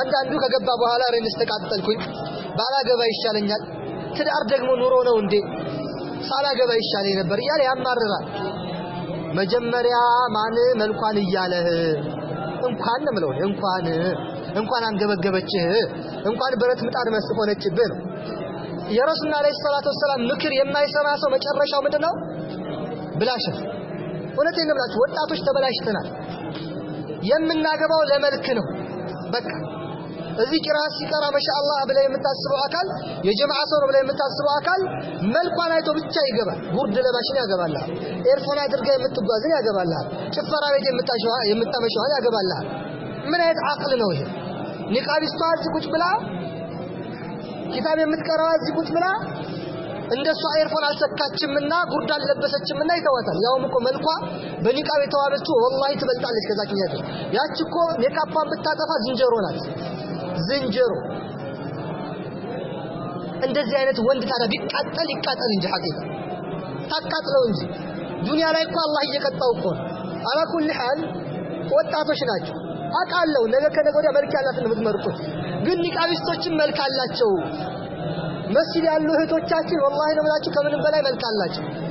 አንዳንዱ ከገባ በኋላ ሬንስ ተቃጠልኩኝ፣ ባላገባ ይሻለኛል፣ ትዳር ደግሞ ኑሮ ነው እንዴ ሳላገባ ይሻለኝ ነበር እያለ ያማርራል። መጀመሪያ ማን መልኳን እያለህ እንኳን ነው የምለው እንኳን እንኳን አንገበገበችህ እንኳን ብረት ምጣድ መስ ሆነችብህ ነው። የረሱና አለይሂ ሰላቱ ወሰላም ምክር የማይሰማ ሰው መጨረሻው ምንድን ነው? ብላሸት። እውነቴን ነው ወጣቶች ተበላሽተናል። የምናገባው ለመልክ ነው በቃ እዚህ ቂራአት ሲቀራ ማሻአላህ ብለህ የምታስበው አካል የጀማዓ ሰው ነው ብለህ የምታስበው አካል መልኳን አይቶ ብቻ ይገባል። ጉርድ ለባሽን ያገባልሃል። ኤርፎን አድርጋ የምትጓዝን ያገባልሃል። ጭፈራ ቤት የምታመሸዋን ያገባልሃል። ምን አይነት አቅል ነው ይሄ? ኒቃቢስቷ እዚህ ቁጭ ብላ ኪታብ የምትቀራዋ እዚህ ቁጭ ብላ እንደሷ ኤርፎን አልሰካችምና ጉርድ አልለበሰችምና ይተዋታል። ያውም እኮ መልኳ በኒቃብ የተዋበችው ወላሂ ትበልጣለች ከዛች ያቺ እኮ ሜካፓን ብታጠፋ ዝንጀሮ ናት። ዝንጀሮ እንደዚህ አይነት ወንድ ታዲያ ቢቃጠል ይቃጠል እንጂ ሐቂቃ ታቃጥለው እንጂ ዱንያ ላይ እኮ አላህ እየቀጣው እኮ አላ ኩል ሐል ወጣቶች ናቸው አቃለው ነገ ከነገ ወዲያ መልክ ያላትን የምትመርጡት ግን ኒቃቢስቶችን መልክ አላቸው መስጂድ ያሉ እህቶቻችን ወላሂ ነው የምላችሁ ከምንም በላይ መልክ አላቸው